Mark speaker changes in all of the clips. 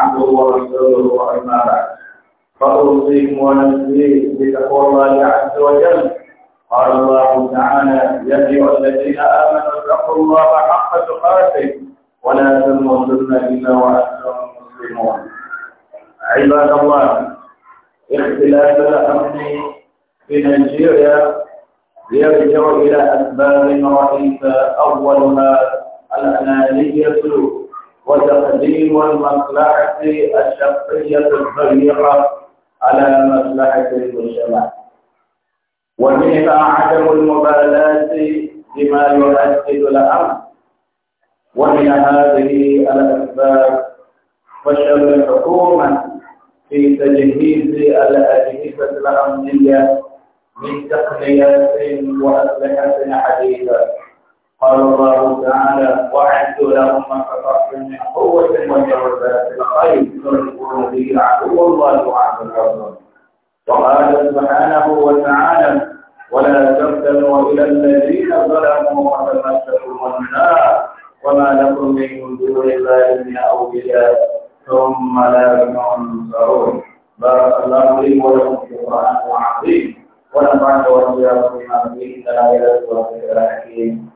Speaker 1: عبده ورسوله وأما بعد فأوصيكم ونفسي بتقوى الله عز وجل قال الله تعالى يا أيها الذين آمنوا اتقوا الله حق تقاته ولا تموتن إلا وأنتم مسلمون عباد الله اختلاف الأمن في نيجيريا يرجع إلى أسباب رئيسة أولها الأنانية وتقديم المصلحة الشخصية الضيقة على مصلحة المجتمع ومنها عدم المبالاة بما يؤكد الأمر ومن هذه الأسباب فشل الحكومة في تجهيز الأجهزة الأمنية من تقنيات وأسلحة حديثة قال الله تعالى وعدت لهم قوة وجعل الخير تكون به عدو الله عز وجل وقال سبحانه وتعالى ولا تبتلوا إلى الذين ظلموا وتمسكوا النار وما لكم من دون الله من أولياء ثم لا تنصرون بارك الله لي ولكم في القرآن العظيم ونفعنا وإياكم بما فيه من الآيات والذكر الحكيم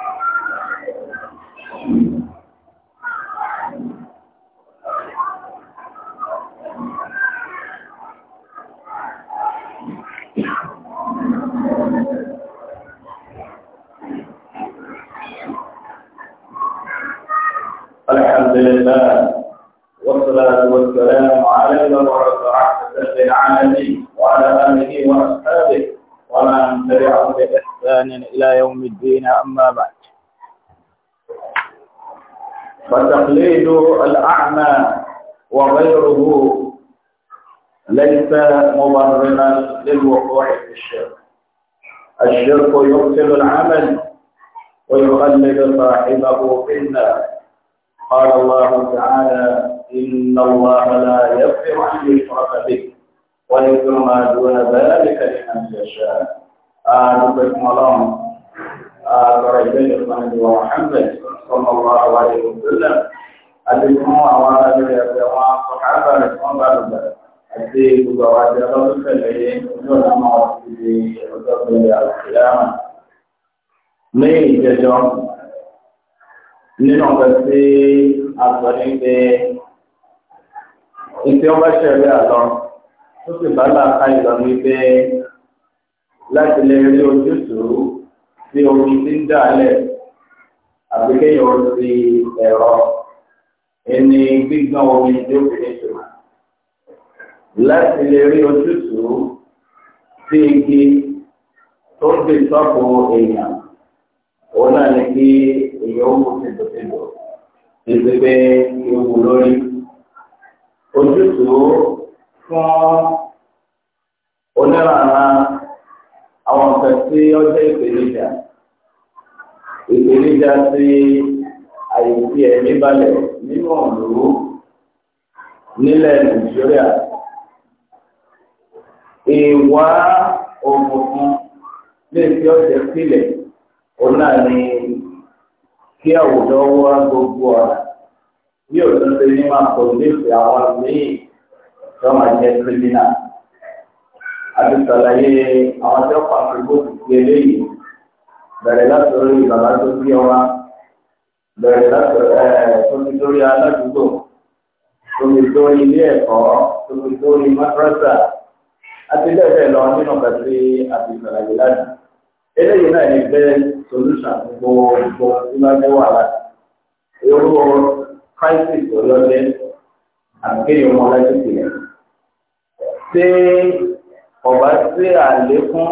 Speaker 1: الحمد لله والصلاة والسلام على المبعوث رحمة وعلى آله وأصحابه ومن تبعهم بإحسان إلى يوم الدين أما بعد
Speaker 2: فتقليد الأعمى
Speaker 1: وغيره ليس مبرما للوقوع في الشرك الشرك يقتل العمل ويغلب صاحبه في النار قال الله تعالى إن الله لا يغفر أن يشرك به ويغفر ما دون ذلك لمن يشاء أنبكم آه، الله أترجل إخواني محمد صلى الله عليه وسلم أدركم وعلى ذلك وصحابة رسول الله أتي بزواج ربك العين وجود موت في القيامة. ليه جزاهم nínú ọ̀gá tí a sọ ní pé ìpè ọba ṣẹlẹ̀ àlọ́ tó sì bá láàka ìlọ ní pé láti lè rí ojútùú sí omi tí ń dà lẹ̀ àbí kéèyàn ó ti ẹ̀rọ ẹni gbígbọ́n omi tí ó fi ní ṣòro láti lè rí ojútùú sí igi tó ń gbé sọ́pọ̀ èèyàn òun náà ni kí èèyàn ó mú tìbòtìbò títí pé ewu lórí. ojútùú fún onírànà àwọn nǹkan tí ó jẹ́ ìpèníjà ìpèníjà sí àìsí ẹ̀mí balẹ̀ nínú ọ̀lú nílẹ̀ nàìjíríà ìwà òmùfún lè fi ọ̀jẹ̀ sílẹ̀ òun náà ni kí àwùjọ wá gbogbo ọ̀rà bí òtún ṣe ní máa pọ̀ nífẹ̀ẹ́ àwọn míì tó máa jẹ́ kírímínà. àti sàlàyé àwọn tó pàṣẹ bó ti ṣe eléyìí bẹ̀rẹ̀ láti orí bàbá tó bí ọmọ bẹ̀rẹ̀ láti tóbi lórí aládùúgbò tóbi lórí ilé ẹ̀kọ́ tóbi lórí madrasa àti bẹ́ẹ̀ bẹ́ẹ̀ lọ nínú kàtí àti sàlàyé láti eléyìí náà ní bẹ́ solution gbogbo ìgbàgbé wà láti irú crisis ọlọ́dẹ àgbéyìn ọmọ láti tìlẹ̀. ṣé ọba sí àlékún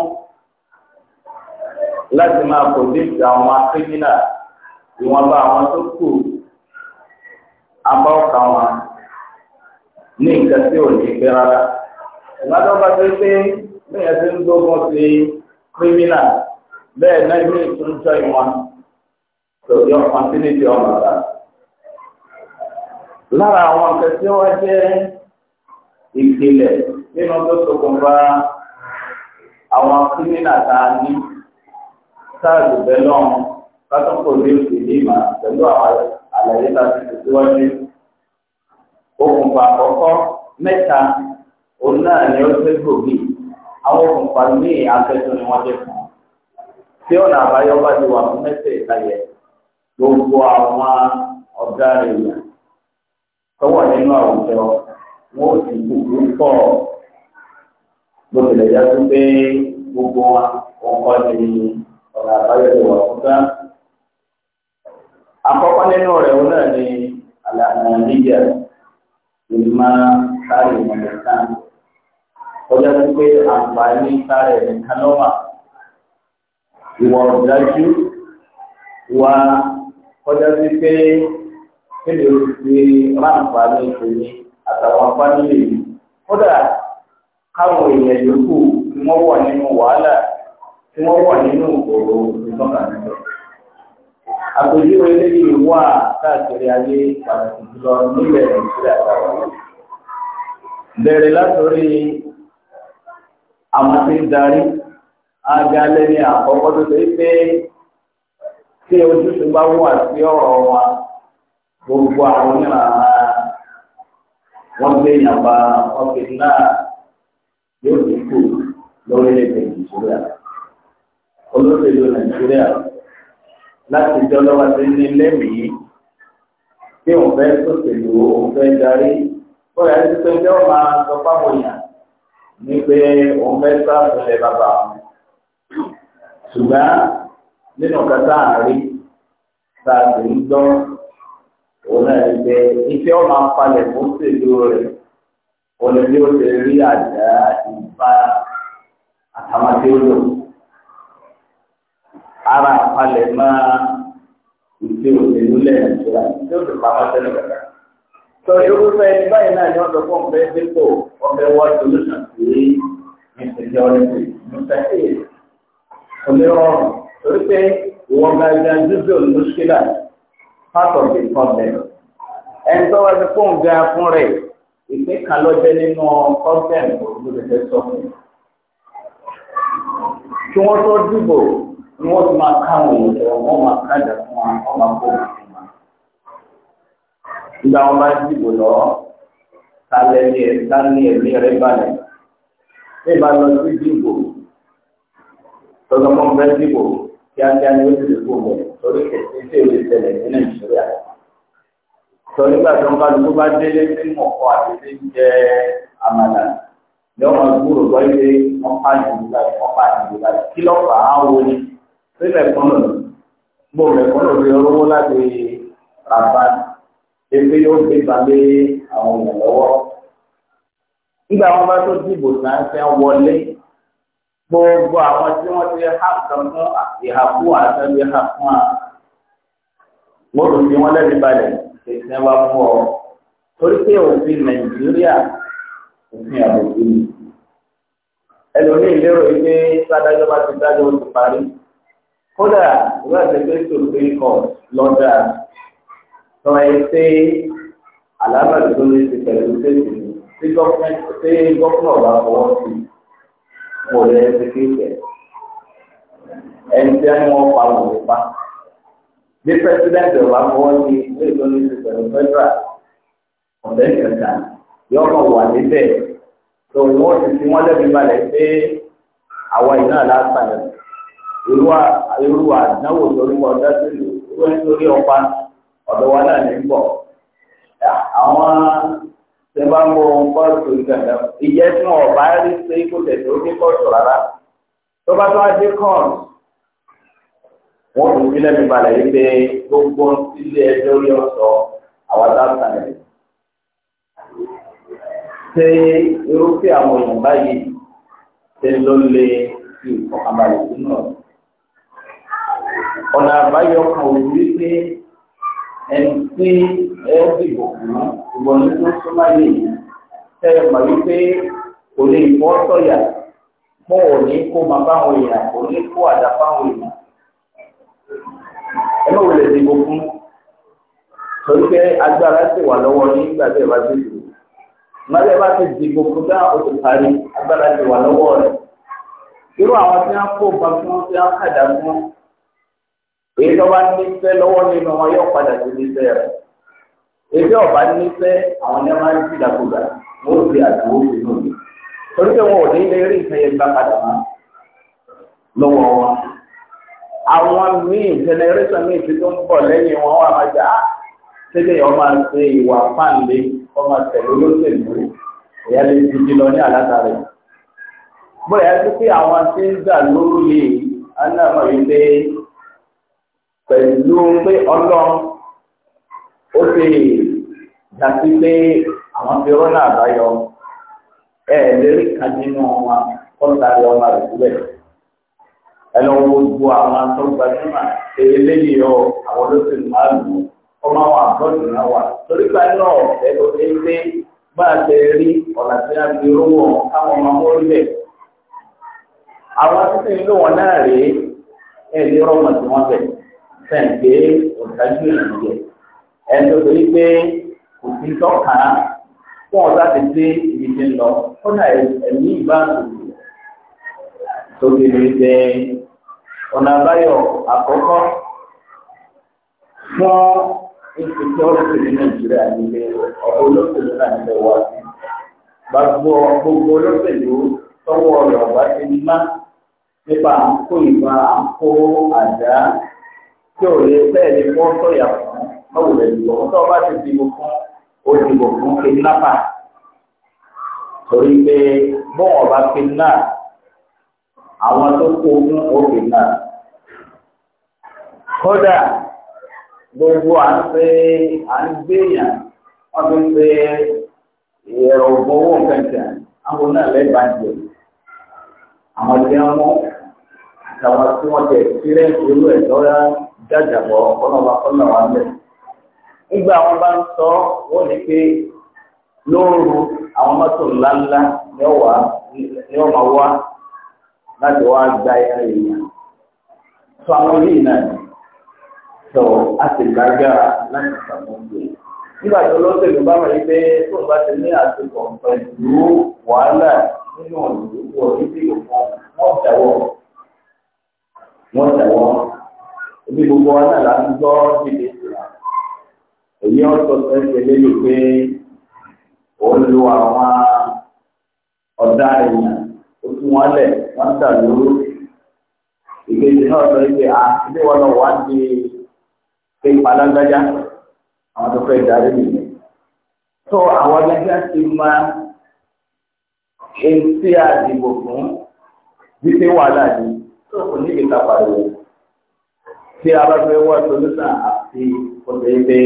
Speaker 1: láti máa protect àwọn akínílà ìwọ̀nba àwọn tó kù abá ọkà wọn ní nǹkan tí ò ní pẹ́ rárá. ìgbàdàn bá dé pé bí ẹ̀sìn gbógun sí criminal bẹ́ẹ̀ náà ilé ìtúntọ́ ìwọ̀n lòdì ọkàn sí níbi ọ̀nà rà. lára àwọn nǹkan tí wọ́n jẹ́ ìpìlẹ̀ nínú tó ṣokùnfà àwọn kírínà tá a ní sáàdù bẹ́lọ́n kátàkùn ní ìdílé ìmọ̀ pẹ̀lú àwọn àlàyé tá a ti tẹ̀síwájú. okùnfà àkọ́kọ́ mẹ́ta òun náà ni ó ṣe gbòógì àwọn okùnfà ní àfẹ́tọ́ ni wọ́n jẹ́ fún tí ọ̀nà àbáyọ bá ti wà fún mẹ́sẹ̀ ìtayẹ gbogbo àwọn ọ̀gá rẹ̀ yà tọwọ́ nínú àwùjọ wọn ò sì kúkú pọ̀ bó tilẹ̀ já sí pé gbogbo wa ọkọ ni ọ̀nà àbáyọ ti wà fún gá. àkọ́kọ́ nínú rẹ̀ wọn náà ni àlànà níjà ìmọ̀ sáré ìmọ̀ nìkan ó já sí pé àǹfààní sáré nìkan lọ́wọ́ ìwà ọ̀dájú wa kọjá sí pé kéde òfìsí ráǹpà ní ìfòyí àtàwọn afánilè yìí kódà káwọn èèyàn yòókù tí wọ́n wà nínú wàhálà tí wọ́n wà nínú òkòrò ìtọ́ka nílẹ̀. àpèjúwe eléyìí wà káàkiri ayé pàtàkì jùlọ nílẹ̀ nàìjíríà táwọn bẹ̀rẹ̀ látòrí àwọn tí ń darí ajalẹ ni àkọ́kọ́ tó ṣe pé tí ojúṣe bá wà sí ọ̀rọ̀ wa gbogbo àwọn onírànà wọn gbé yàgbá ọkùnrin náà yóò dínkù lórílẹ̀-èdè nàìjíríà olóṣèlú nàìjíríà láti jọ lọ́wọ́ sí ní lẹ́mìí tí òun fẹ́ sòṣèlú òun fẹ́ darí bóyá ẹni tó ń jẹ́ ọ̀ma sọ fáwọn èèyàn ní pé òun fẹ́ sáà fúnlẹ̀ bàbá àwọn ṣùgbọ́n nínú kata àárí tá a sì ń gbọ́ òun náà ti bẹ iṣẹ́ ọ̀ma palẹ̀ fún ṣèlú rẹ̀ òun ni ó ti rí àjà ìbá àtàwọn tí ó lò ara palẹ̀ máa ìṣe òṣèlú lẹ́yìn ìṣura tí ó sì pamọ́ sẹ́nu kàkà. sọ irúfẹ́ báyìí náà ni wọ́n sọ fún ọ̀fẹ́ dípò ọ̀fẹ́ wọ́n solúṣàn sí insecurity mr a onírọ̀rùn torí pé ìwọ̀n gbàgbà jújù olùmúṣkìlà part of the problem. ẹni tó wá sí fóun ga fún rẹ̀ ìpín kan nínú problem olùdókòtò sọ fún un. kí wọ́n tó dìbò ni wọ́n ti máa káwọn èèyàn wọ́n máa kájà fún wa wọ́n máa kó wọn fún wa. ìgbà wọn bá dìbò lọ kálẹ̀ ní ẹ̀ká ní ẹ̀mí rẹ̀ balẹ̀. bí ìbá lọ sí dìbò tọ́jọ́ mọ́ bẹ́ẹ̀ dìbò kíákíá ni ó sì lè kó bẹ̀ torí kò sí tí èlé tẹ̀lẹ̀ ní nàìjíríà. sọ nígbà tó ń bá tó bá délé sí mọ̀kọ́ àti tí ń jẹ àmàlà ni wọ́n máa gbúrò gbọ́ ilé wọ́n pa ìlú láì wọ́n pa ìlú láì kí lọ́pọ̀ àwọn wo ni sílẹ̀ kọ́nà gbòòrè kọ́nà fi rówó láti ràbá ebi yóò gbé balé àwọn èèyàn lọ́wọ́. nígbà wọn bá tó dìbò náà fẹ́ wọlé gbogbo àwọn tí wọ́n ti ha kan fún ìhàkú àtẹ̀lé ha fún wa wọ́n lò sí wọn lẹ́bi balẹ̀ ìsìn wa fún ọ torí pé òfin nàìjíríà òfin àbòsí ni ẹlòmíì lérò pé sádájọ́ bá ti dájọ́ ó ti parí kódà ìwé àtẹ̀gbẹ́sì òfin kọ̀ lọ́dà sọ ẹ pé àlámà tó lè ti pẹ̀lú tẹ̀sí tí gọ́fúnà bá fọwọ́ sí i. mo lè ṣe kéèké ẹni tí wọn pa wọn lè pa bí pẹsidẹnti ọba fọwọ́ ní ilé ìlọrin ti pẹ̀lú fẹ́dúrà ọ̀bẹ kẹta yọ wà níbẹ̀ tó wọn ti fi wọn lẹ́bi balẹ̀ pé àwa iná ṣe máa ń mú ohun kọ́ọ̀tù ìgbàgbọ́ ìyẹ́ tí wọn ọ̀bá rí ṣe kó tẹ̀sí ó ní kọ́ọ̀tù rárá tó bá tó wá dé kọ́ọ̀tù wọn kò fi lẹ́nu balẹ̀ yìí pé gbogbo ilé ẹjọ́ rí ọ̀sọ́ àwọn dáńtà rẹ̀ ṣe irúfẹ́ àwọn èèyàn báyìí ṣe ló lè fi ìfọ̀kànbalẹ̀ sínú ọ̀rọ̀ ọ̀nà àbáyọ kan ò rí pé ẹni tí ẹ dìbò fún un. ṣùgbọ́n ní tó súnmọ́ yìí tẹ́ ẹ mọ̀ wípé kò lè bọ́ sọ̀yà mọ́ ò ní kó máa báwọn èèyàn kò ní kó àdá báwọn èèyàn ẹ dìbò fún torí pé agbára ti wà lọ́wọ́ ní tí ẹ bá ti dìbò bá ti dìbò fún dá oṣù parí wà lọ́wọ́ rẹ̀ irú àwọn tí wọ́n kó ba fún tí wọ́n kàdá fún èyí tó bá ní fẹ́ lọ́wọ́ nínú wọn yóò padà ebi ọba ní awọn àwọn ẹni máa ń fi dàgbògbà wọn ò fi àdúgbò fi nù mí torí pé wọn ò ní lè rí ìfẹ́ yẹn gbà padà mọ́ lọ́wọ́ wọn àwọn míì generation míì ti tó ń wọn wà jà ah, á ìwà olóṣèlú lọ ní àlàkà bóyá pé àwọn tí ń dà yìí dàbí pé àwọn fi rọ́nà àbáyọ ẹ lérí kan nínú wọn ọmọ rẹ̀ síbẹ̀ ẹ lọ wo gbogbo àwọn atọ́gba èyí ọ àwọn olóṣèlú máa lù ú ọmọ àwọn àbọ̀dù náà wà torí pé ló dé pé bá a ṣe rí ọ̀nà tí a fi rówó káwọn ọmọ àwọn wọn náà ẹ ní bẹ̀ kò sí tọ́ka fún ọ̀dà ti dé ibi tí ń lọ kọ́nà ẹ̀mí ìbáàdùn tó kéré jẹ́ ọ̀nà àbáyọ àkọ́kọ́ fún ìpínlẹ̀ olóṣèlú nàìjíríà nílé ọ̀pọ̀ olóṣèlú náà nílẹ̀ wá sí gbogbo gbogbo olóṣèlú tọwọ́ rẹ̀ ọ̀bá ti ní má nípa à ń kó àdá tí ò lè bẹ́ẹ̀ ni wọ́n sọ̀yà fún báwo lè lò bá ti dìbò fún ó dìbò fún kidnapper torí pé bọ́ọ̀ bá kidnap àwọn tó kó fún ó kidnap kódà gbogbo à ń pé à ń gbéyàn wọ́n fi ń pé ìrọ̀ ògbówó kankan àwọn náà lẹ́bàá jẹ àwọn tí wọ́n mú àtàwọn tí wọ́n tẹ̀ sílẹ̀ ìlú ẹ̀ lọ́ra jájàbọ̀ ọ̀pọ̀lọpọ̀ ọ̀pọ̀lọpọ̀ àwọn mẹ́rin nígbà wọn bá ń sọ wọn ní pé lóòrù àwọn mọ́tò ńláńlá ni wọ́n máa wá láti wá gba ẹ̀rọ èèyàn tó àwọn olóyìn náà ni tó a sì lágbára láti ṣàkóso nígbà tó lọ́sẹ̀lú bá wọ̀nyí pé tó bá ti ní àsopọ̀ pẹ̀lú wàhálà nínú ìdókòwò níbi ìdókòwò wọ́n tẹ̀wọ́ wọ́n tẹ̀wọ́ ibi gbogbo wa náà là ń gbọ́ dìde èyí ọ̀sọ̀ sẹ́sẹ̀ lélẹ̀ pé ó ń lo àwọn ọ̀dà èèyàn ó tún wọn lẹ̀ wọ́n dà lóró ìkejì náà sọ pé a ilé wọn lọ wá di pé palágbájá àwọn tó fẹ́ darí nìyẹn tó àwọn ọlẹ́gbẹ́ ti máa èyí tí a dìbò fún wípé wàhálà ni tó kò ní ìgbésà pariwo tí a bá fẹ́ wá solúsàn àti ọ̀sẹ̀ ìgbẹ́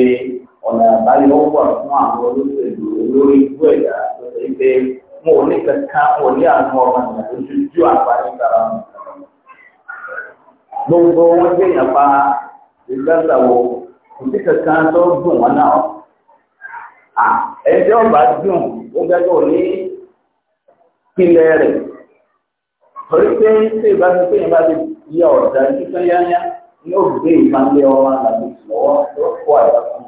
Speaker 1: ọ̀nà àbáyọ wà fún àwọn olóṣèlú olórí ìlú ẹ̀yà tó ṣe pé wọn ò ní kankan wọn ní àwọn ọmọ ènìyàn lójú ju àǹfààní sára gbogbo ìgbàgbà wo kò sí kankan tó dùn wọn náà. dùn ní rẹ̀ torí pé bá ti yẹ ọ̀dà ọmọ tó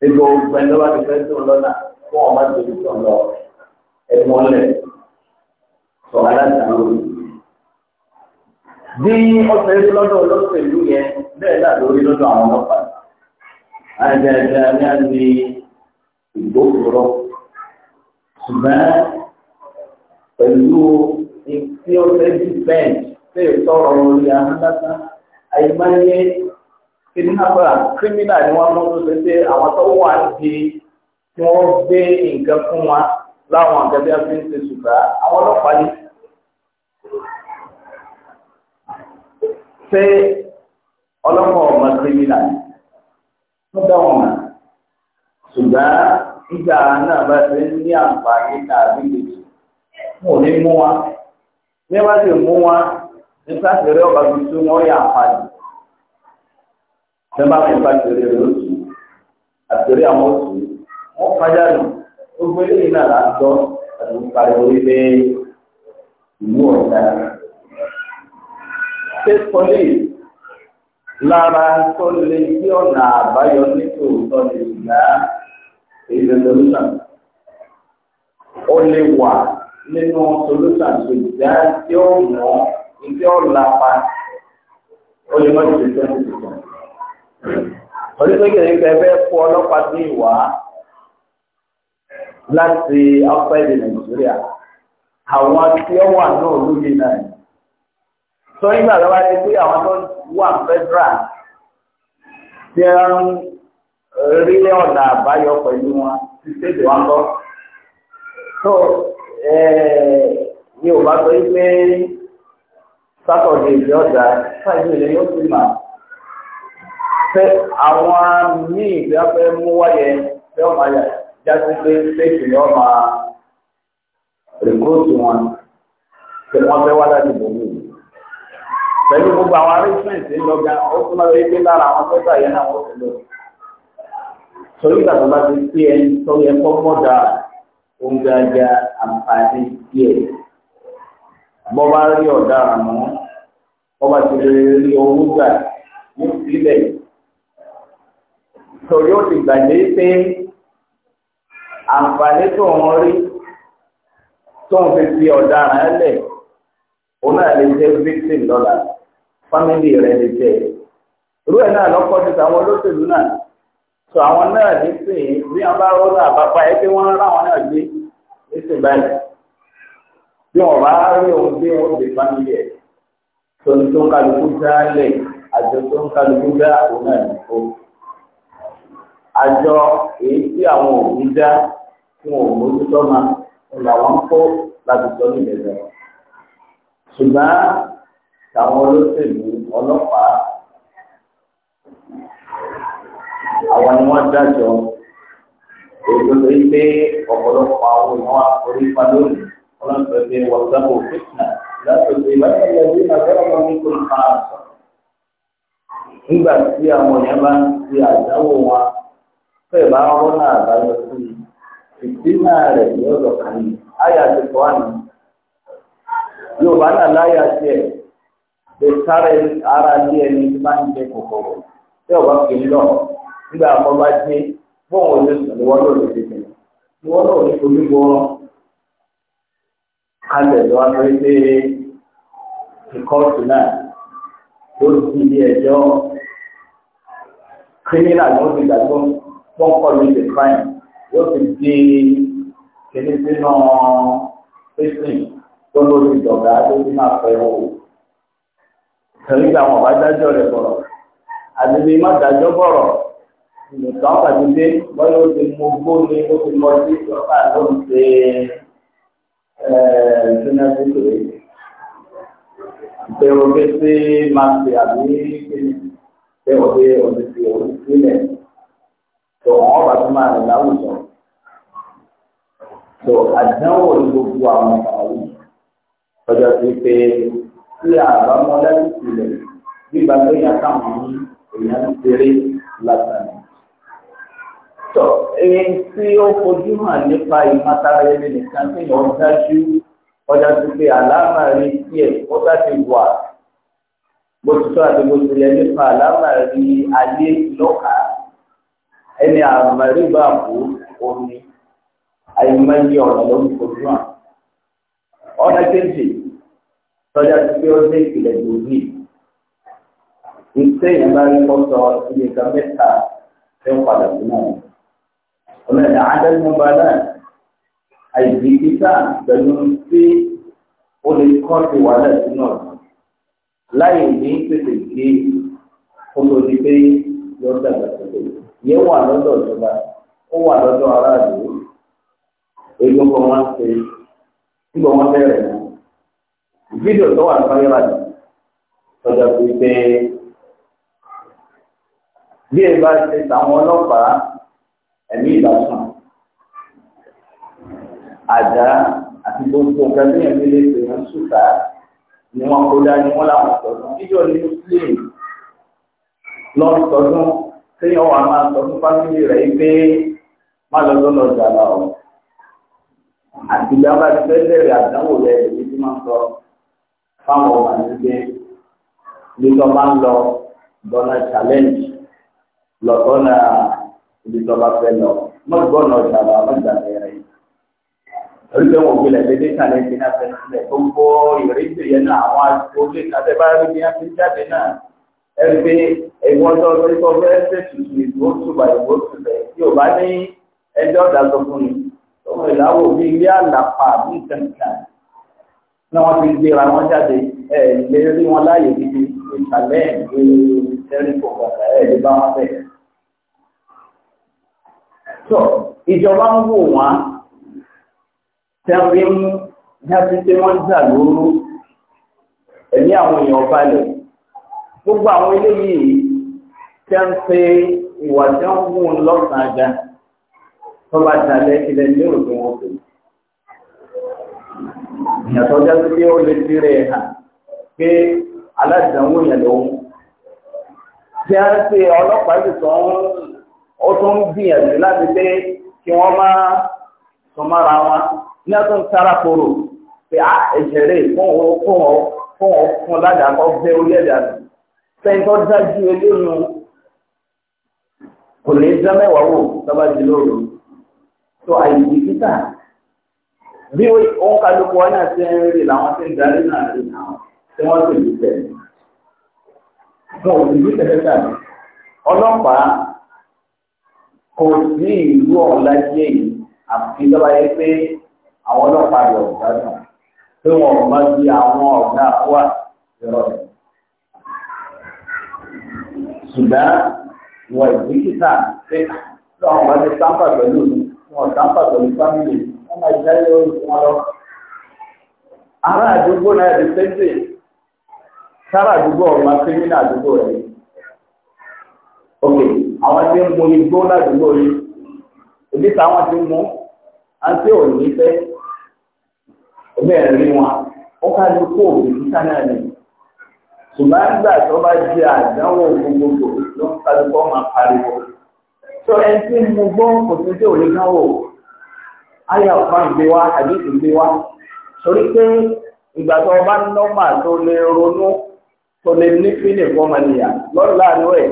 Speaker 1: Gbogbo ọgbẹ́ ló bá ti fẹ́ tó lọ́nà fún ọmọ tó ti tọ̀ lọ ẹ̀wọ̀n lẹ̀ sọ aláǹtàló. Bí ọ̀sẹ̀ yìí lọ́dọ̀ olóṣèlú yẹn bẹ́ẹ̀ náà lórí lọ́dọ̀ àwọn ọlọ́pàá. Àjẹjẹ ni a ní ìgbókòrò. Ṣùgbọ́n pẹ̀lú tí ó fẹ́ tí ìtọ́rọ̀ orí ahọ́n lásán, àyè máa yẹ kìnnìkàpà kírímìnà ni wọ́n mú tó ṣe pé àwọn tó wà di tí wọ́n gbé nǹkan fún wa láwọn nǹkan bí wọ́n fi ń ṣe ṣùgbọ́n àwọn ọlọ́pàá ni. ṣé ọlọ́pàá ọmọ kírímìnà ni wọ́n dá wọn mọ̀ ṣùgbọ́n ìjà náà bá ṣe ń ní àǹfààní tàbí ìdèjì wọn ò ní mú wa bí wọ́n bá ṣe mú wa nípa ìṣẹ̀rẹ̀ ọba tuntun wọn yà àǹfààní ṣé máa ń fa ìṣeré rẹ̀ oṣù àtẹ̀rí àwọn oṣù wọ́n fàjà nù gbogbo eléyìí náà là ń tọ́ àti ń pariwo wípé ìlú ọ̀tá. state police lára tó lè gbé ọ̀nà àbáyọ nítòótọ́ ní ìgbà èdè solution. ó lè wà nínú solution tó já tí ó mọ̀ ní tí ó lapa ó lè má ti ṣe twenty percent. onígbègbè nípa ẹgbẹ́ kó ọlọ́pàá sí ìwà láti Nàìjíríà àwọn tí ó wà náà lóye náà sọ nígbà ti pé àwọn tó wà federal tí wọ́n rí ọ̀nà àbáyọ pẹ̀lú wọn ti ṣètò wọn lọ. tó ò bá sọ pé sátọ̀dé fẹ́ àwọn míì bí wọ́n fẹ́ mú wáyẹ fẹ́ wọ́n máa yà jáde pé fẹ́ẹ̀kì ni wọ́n máa rìkúrútù wọn pé wọ́n fẹ́ wá láti bò mí. pẹ̀lú gbogbo àwọn arrangement ń lọ gan ó tún lọ rí pé lára àwọn tó gbà yẹn náà wọ́n ti lọ. sọ̀rọ̀ ìgbà bá ti pé ẹni tó yẹ kó mọ̀ dáa ohun gbàgbà àǹfààní díẹ̀. bọ́ba rí ọ̀daràn mọ́ bọ́ba ti rí owó gbà ní ìpínlẹ̀ yìí torí ó ti gbàgbé pé àǹfààní tó ń rí tó ń fi fi ọ̀daràn ẹ̀ lẹ̀ òun náà lè jẹ́ victim lọ́la fámìlì rẹ̀ lè jẹ́ irú ẹ̀ náà lọ́kọ́ ti tàwọn olóṣèlú náà tó àwọn náà nísìnyí bí wọn bá rọ́ọ̀dà àbápá ẹ pé wọ́n ráwọn náà gbé nísìnyí báyìí bí wọn bá rí òun gbé wọn gbé fámìlì ẹ̀ tó ń tó ń kálukú dá lẹ̀ àjọ tó ń kálukú dá òun náà nìkó àjọ èyí tí àwọn òbí dá tí wọn ò mójútó ma làwọn ń kó láti sọ nílẹ̀ lọ. ṣùgbọ́n táwọn olóṣèlú ọlọ́pàá àwọn ni wọ́n dájọ́ èyí tó pé ọ̀pọ̀lọpọ̀ àwọn èèyàn orí padòlù ọlọ́pàá ẹgbẹ́ wọ́sábò fitna látòkè ìbáṣẹ́ ìyàgbé àgbẹ̀rọ̀ mi kò ní kan àṣọ. nígbà tí àwọn èèyàn bá ń ṣe àdáwò wọn. tó ìbá ọwọ́ náà bá lọ sí i ìdínà rẹ̀ yóò lọ kàn ní àyà ti kọ́ lè sáré ara lé ẹni tí máa ń jẹ kòkòrò tí ọba fi lọ nígbà àkọ́ bá dé bóun ò lè sùn kalẹ̀ lọ pé ìkọ́ọ̀tù náà ilé ẹjọ́ ló gbàgbọ́. tó ń kọ́ ní the crime yóò fi di kìíní sínú prison tó ló ti dọ̀gá tó ti máa fẹ́ o. Kẹ̀lí gba àwọn àbájájọ́ rẹ̀ bọ̀rọ̀. Àdìbí má dájọ́ bọ̀rọ̀. Nìkan pàdédé lọ́yọ́ ó ti mú gbó ni ó ti lọ sí ìjọba ló ń ṣe ẹ̀ẹ́dínlẹ́sì lórí. Ìpèrò ké sí máa ṣe àbí kí ni pé òde òde ti òun sílẹ̀ tó wọn bá tún máa rìn láwùjọ tó àdánwò ní gbogbo àwọn ìkàwé ọjọ́ ti pé tí àbámọ́ lẹ́yìn ìpìlẹ̀ gbígba lóyún àtàwọn èèyàn ń ṣeré lásán. tó èyí tí ó fojú hàn nípa ìmọ̀tara ẹni nìkan tí yọ̀ ọ́ dájú ọjà ti pé àlámà rí tiẹ̀ ó bá ti wà bó ti tọ́ àti bó ti lẹ nípa àlámà rí ayé lọ́kàá ẹni àmàlẹ́gbà kú omi àìmọye ọ̀nà ló ń kojú à. ọ̀nà kejì sọ́jà ti pé ó dé ìpìlẹ̀ lòdì. ìṣe yẹn bá rí kọ́sọ̀ iye kan mẹ́ta tó ń padà sí náà. ọ̀nà àdánimọ̀ba náà àìbìkítà pẹ̀lú tí ó lè kọ́ sí wàhálà sínú ọ̀nà láì ní pèsè gé kó tó di pé yọ̀ọ́ dàgbà yẹn wà lọ́dọ̀ ìjọba ó wà lọ́dọ̀ aráàlú èyí ń bọ̀ wọ́n ṣe ń bọ̀ wọ́n bẹ̀rẹ̀ mọ́ fídíò tó wà lọ́yọ́ àjò lọ́jọ́ pé pé bí ẹ bá ṣe tàwọn ọlọ́pàá ẹ̀mí ìbásùn àdá àti gbogbo nǹkan tó yẹn lè pè wọ́n sùtà ni wọ́n kó dání wọ́n làwọn sọ̀tún fídíò ní muslim lọ́sọ̀tún sẹ́yìn ọ̀wà máa sọ fún fámìlì rẹ̀ pé má lọ lọ́nà ìjàlá o. àtìgbà bá ti fẹ́ bẹ̀rẹ̀ àdánwò rẹ̀ èyí tí máa sọ fáwọn ọmọ àti pé lítọ́ máa ń lọ lọ́nà challenge lọ́tọ́nà lítọ́ fẹ́ lọ mọ́gbọ́nà ìjàlá ọ̀gbà rẹ̀. orí pé wọn ò gbilẹ̀ dédé challenge náà fẹ́ sílẹ̀ gbogbo ìrísí yẹn náà àwọn àti olè kàtẹ́ bá rí bí wọ́n jáde náà ẹgbẹ́ ẹ̀wọ̀n tó ń sọ fẹ́ ṣètò ìgbò ṣùgbọ́n ìgbò ṣùgbọ́n tí ò bá ní ẹjọ́ ìdájọ́ fún mi ọmọ ìlàwọ̀ bíi ilé àlàpà bíi kankan ní wọ́n ti gbéra wọn jáde ẹ̀ lè rí wọn láàyè gidi ìsàlẹ̀ ìgbé tẹ́lifọ̀ kàkà ẹ̀ lè bá wọn bẹ̀. tó ìjọba ń wò wọ́n tẹ́wọ́n mú ní a ti tẹ́ wọ́n dà lóru ẹ̀mí àwọn èèyàn balẹ̀ gbogbo àwọn eléyìí tẹ́ ń pe ìwà tí wọ́n mú un lọ́sàn-án ga tó bá dalẹ̀ ilẹ̀ ní òde wọn pè é. ìyàtọ̀ jáde pé ó lè ti rẹ̀ hàn pé aládàáwò yẹn ló ń. tí a ń pe ọlọ́pàá sì tán ó tún gbìyànjú láti pé kí wọ́n má sọmọ́ra wọn ní ọdún sára koro pé a ah, ẹ̀jẹ̀ rẹ̀ fún ọ fún ọ fún ọ fún ọ ládàá kọ́ bẹ́ orí ẹ̀dá rẹ̀ sẹ́ńtọ́ dájú eléyìí kò lè dá mẹ́wàá wò sábà di lóru tó àyè kíkà bí òun kálukú wọn náà ṣe ń rí làwọn ṣe ń darí náà rí náà tí wọ́n sì lù tẹ̀. wọn ò sì lù tẹ̀lé tàbí ọlọ́pàá kò sí ìlú ọ̀hún lájẹ́ yìí àfi lọ́ba yẹ pé àwọn ọlọ́pàá yọ̀ ọ̀gá náà pé wọn ò má di àwọn ọ̀gá wa lọ́rọ̀ ṣùgbọ́n wọ́n ìgbékítà pé lọ́wọ́ wọn ti sáńpà pẹ̀lú wọn sáńpà pẹ̀lú fámìlì wọn máa jẹ́ lórí wọn lọ. ará àdúgbò náà ti tẹ́sí sára àdúgbò ọ̀rọ̀ máa tẹ́sí ok àwọn tí ń mu igbó ládùúgbò mú bẹ́ẹ̀ rí wọn ó ká ṣùgbọ́n nígbà tó bá di àdánwò gbogbogbò ló ń kálukọ́ máa pariwo. sọ ẹni tí mo gbọ́ kò sí tí ò lè dánwò ayé ọ̀kan gbé wá àdéhùn gbé wá torí pé ìgbà tó bá nọ́mà tó lè ronú tó lè ní fílẹ̀ fọmọnìyà lọ́dún láàánú ẹ̀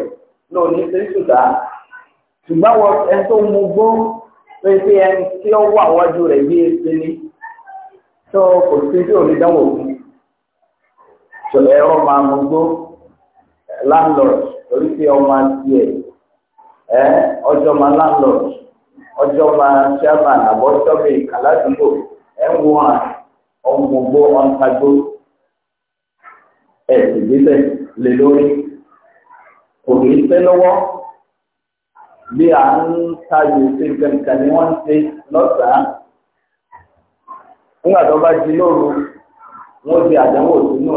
Speaker 1: ló ní sí ṣùtá ṣùgbọ́n wọ ẹni tó mu gbọ́ pé pé ẹni tí ó wà wájú rẹ̀ bí esi ni tó kò sí tí ò lè fún un. ẹ̀rọ máa mú gbó landlord torí pé ọmọ tiẹ̀ ẹ ọjọ́ ma landlord ọjọ́ máa chairman àbọ̀jọ́ mi aládùúgbò ẹ̀ ń wọ́n ọmọ gbó ẹ̀ ìgbésẹ̀ lè lórí kò ní í lọ́wọ́ bí à ń tajú sí nǹkan ni wọ́n ṣe lọ́sàn-án. Nígbà tó bá di lóru, wọ́n di àdánwò sínú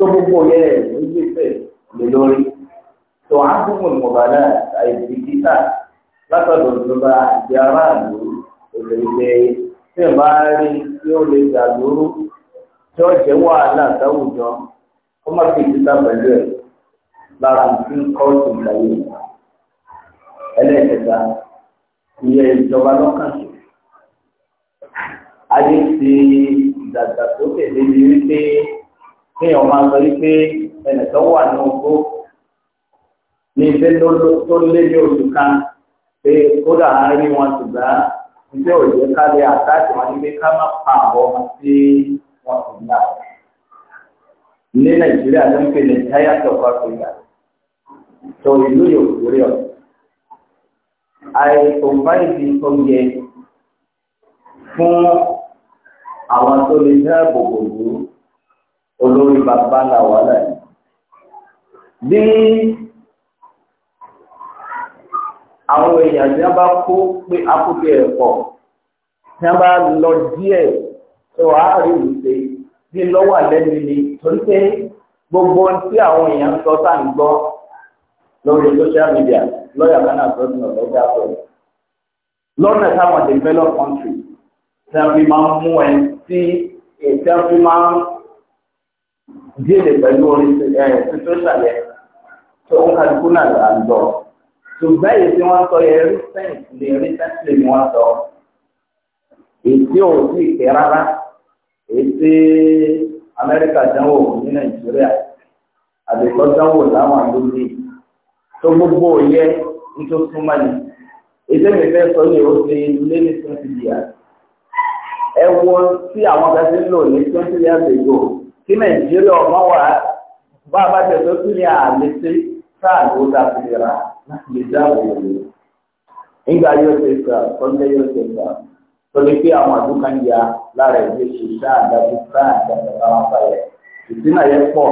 Speaker 1: tó gbogbo yẹ ìwé fẹ́ lè lórí tó á gbogbo ìmọ̀bàlá àìbìkítà látọ̀dọ̀ ìjọba àti aráàlú òṣèlè tí ìbá rí tí ó lè gbà lóró tí ó jẹ́ wàhálà sáwùjọ kó má fi ìdíta pẹ̀lú ẹ̀ lára tí ń kọ́ sí ìlàyé ẹlẹ́ẹ̀kẹta ìyẹn ìjọba lọ́kàn sí ayé ti ìdàgbàsókè lébi wípé kéèyàn máa sọ wípé ẹnìkan wà ní ogbó ní ilé tó lé ní oṣù kan pé kódà á rí wọn ṣùgbọ́n iṣẹ́ òjò kálẹ̀ àtàkì wọn níbi ká má pa àwọn ọmọ tí wọn kò ní àwọn. ní nàìjíríà ló ń pè ní giant of africa tó ìlú yòókù rí ọ. I provide oúnjẹ fún àwọn tó lè dáàbò bò wọ́n olórí bàbá làwọn náà bí àwọn èèyàn tí wọ́n bá kó pé akókò ẹ̀kọ́ tí wọ́n bá lọ díẹ̀ tó àárín ìwúse bí lọ́wọ́ àlẹ́nu ni torí pé gbogbo ohun tí àwọn èèyàn sọ sáà ń gbọ́ lórí social media lọ́yà kánà gómìnà lọ́jà sọ lọ́nà táwọn developed country tí wọ́n fi máa ń mú ẹ sí ètò tí wọ́n fi máa ń díẹ̀ pẹ̀lú orin situation eh, yẹn tó ń ka dúkú náà là ń lọ. ṣùgbọ́n èyí tí wọ́n sọ yẹn recent ni recently ni wọ́n sọ èsì ò sí ìpè rárá èsì Amẹ́ríkà dánwò ní Nàìjíríà àbẹ̀kọ́ dánwò láwọn àlóyè tó gbogbo yẹ nítorí súnmọ́ ni fẹ́ sọ ní oṣù lé ní twenty years ẹ wọ sí àwọn kan ti lò ní twenty years ago kí nàìjíríà ọmọ wa bá a bá tẹ̀sọ́ sí ní àlẹ́sẹ̀ sáà ló dá sí ra lè dá òwò rẹ̀ nígbà yóò ṣe sà sọ́ndé yóò ṣe sà sọ́ndé pé àwọn àdúgbò ń ya lára ìwé ṣe sáà dájú sáà dájú sáà báyẹ̀ ìdínà yẹn pọ̀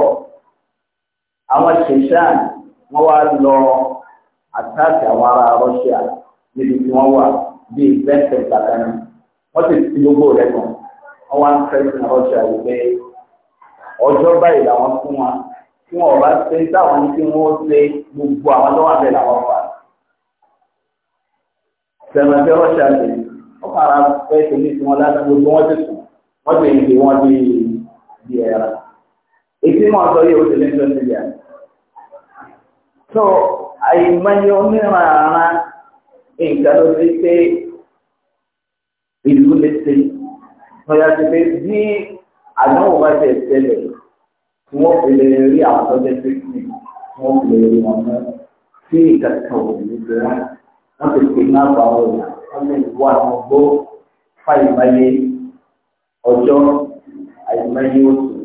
Speaker 1: àwọn ṣèṣàn wọ́n wá lọ àtàkì àwọn ará Russia níbi tí wọ́n wà bíi bẹ́ńtẹ̀ gbàgbọ́n wọ́n ti ti gbogbo rẹ̀ kàn wọ́n wá ń fẹ́ sí Russia yìí pé ọjọ́ báyìí làwọn fún wa tí wọn bá ṣe táwọn ní kí wọ́n ṣe gbogbo àwọn lọ́wọ́ abẹ làwọn fà. sẹ̀mẹ̀tẹ́ rọ́ṣà lè wọ́n fara fẹ́ tèmi tí wọ́n lásán gbogbo wọ́n ti sùn wọ́n ti ń gbé wọ́n di di ẹ̀rọ. èsì mọ̀ sọ yìí ó ti lẹ́sọ̀ sílẹ̀. tó àìmọye onírànà nǹkan ló ti pé ìlú lè ṣe. wọ́n yà ti pé bí àdánwò bá ti ẹ̀ tẹ́lẹ̀ tí wọ́n fi lè rí àwọn tó wọ́n fi lè rí wọn mọ́ sí ìkàkà òun ní pé wọ́n ti pè náà bá wọn wọ́n lè wà ní gbó fàyèmáyé ọjọ́ àyèmáyé oṣù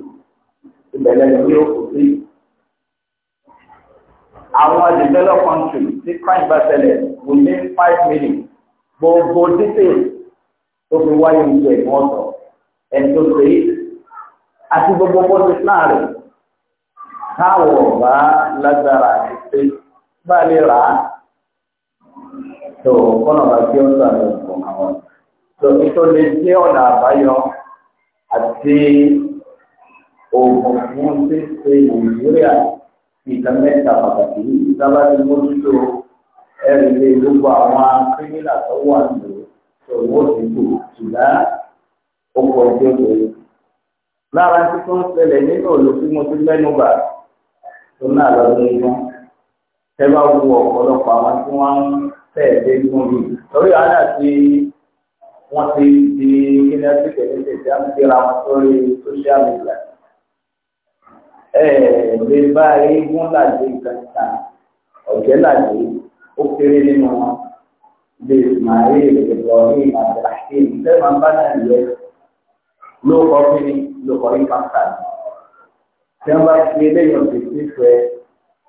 Speaker 1: ìbẹ̀lẹ̀ ní oṣù sí. Àwọn developed countries tí crime bá ṣẹlẹ̀ within five minutes gbogbo details tó fi wáyé oúnjẹ ìwọ̀n sọ ẹni tó ṣe é àti gbogbo bọ́ọ̀lù láàrin táwọ̀ bá lágbára àti bá lè rà á tó kọ́nà bá tí ó sàlẹ̀ fún àwọn tó nítorí jẹ́ ọ̀nà àbáyọ àti oògùn fún ṣíṣe nàìjíríà ìgbà mẹ́ta pàtàkì yìí sábà ti mójútó ẹ̀rí lé gbogbo àwọn kírímìnà tó wà nù tó wọ́n ti kù ṣùgbọ́n ó kọjú òwe lára tí tó ń ṣẹlẹ̀ nínú òòlù tí mo ti mẹ́nu bà tó náà lọ́dún igun ẹ bá wo ọ̀pọ̀lọpọ̀ àwọn tí wọ́n ń tẹ̀lé igun yìí lórí àdá tí wọ́n ti di kíni ẹtí kẹ̀kẹ́ tí a ń gbéra wọn sórí social media ẹ lè bá igun làdé gàtà ọ̀jẹ́ làdé ó kéré nínú wọn lè Ismail Ibrahim Abdulrahim tẹ́ máa bá náà yẹ ló kọ́ fún mi lọ́kọ̀ yìí pàtà ní. yang wọ́n bá ti eléyọ̀ sí sífẹ́,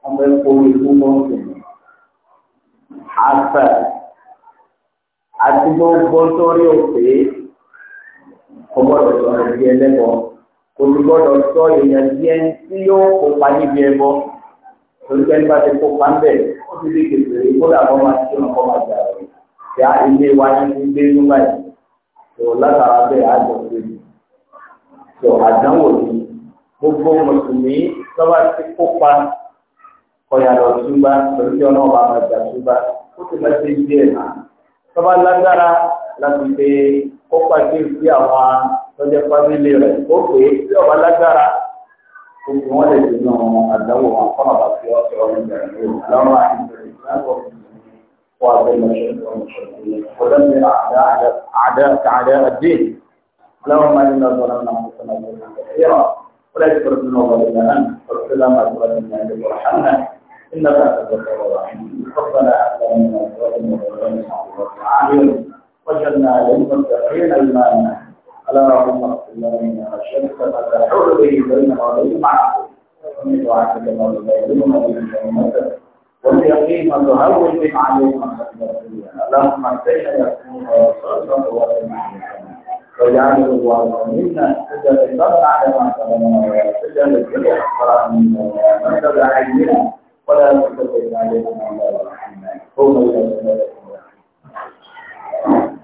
Speaker 1: wọ́n fẹ́ kó ikú mọ́tò. Àṣà àti gbogbo sórí òpè kò gbọ́dọ̀ sọ ẹbí ẹlẹ́bọ. Kò ní gbọ́dọ̀ sọ èèyàn bí ẹni tí yóò kópa níbi ẹbọ. Olùkẹ́ nípa ti kópa ń bẹ̀, ó ti di tó àdánwò ni gbogbo mùsùlùmí lọ́wọ́ ti kópa kọyà lọ túbá pẹ̀lú kí ọlọ́run bá máa jà túbá ó ti máa ṣe díẹ̀ náà tọ́ba lágbára láti pé kópa kí n sí àwọn lọ́jọ́ fámílì rẹ̀ ó pè é tí ọba lágbára gbogbo wọn lè dènà àdánwò wọn kọ́nà bá fi ọ̀sẹ̀ ọ̀rọ̀ ìgbàlódé aláwọ̀ àti ìgbàlódé láwọ̀ وعبد المشهد والمشهدين ودمر أعداء أعداء أعداء الدين اللهم إنا ظلمنا أنفسنا ظلما كثيرا ولا يغفر الذنوب إلا أنت فاغفر لنا ذنوبنا إنك وارحمنا إنك أنت الغفور الرحيم ربنا هب لنا من أزواجنا وذرياتنا أعين وجعلنا للمتقين إماما ألا اللهم اغفر لنا من خشيتك ما تحول به بيننا وبين معصيتك ومن طاعتك ما تبلغنا به جنتك واليقين ما تهون به علينا اللهم اهدنا يا سيدنا وصلنا وسلم عليك يعني واجعله اللهم منا اجعل الصبر على ما ظلمنا واجعل الجميع حقرا منا من ولا تسلط علينا من لا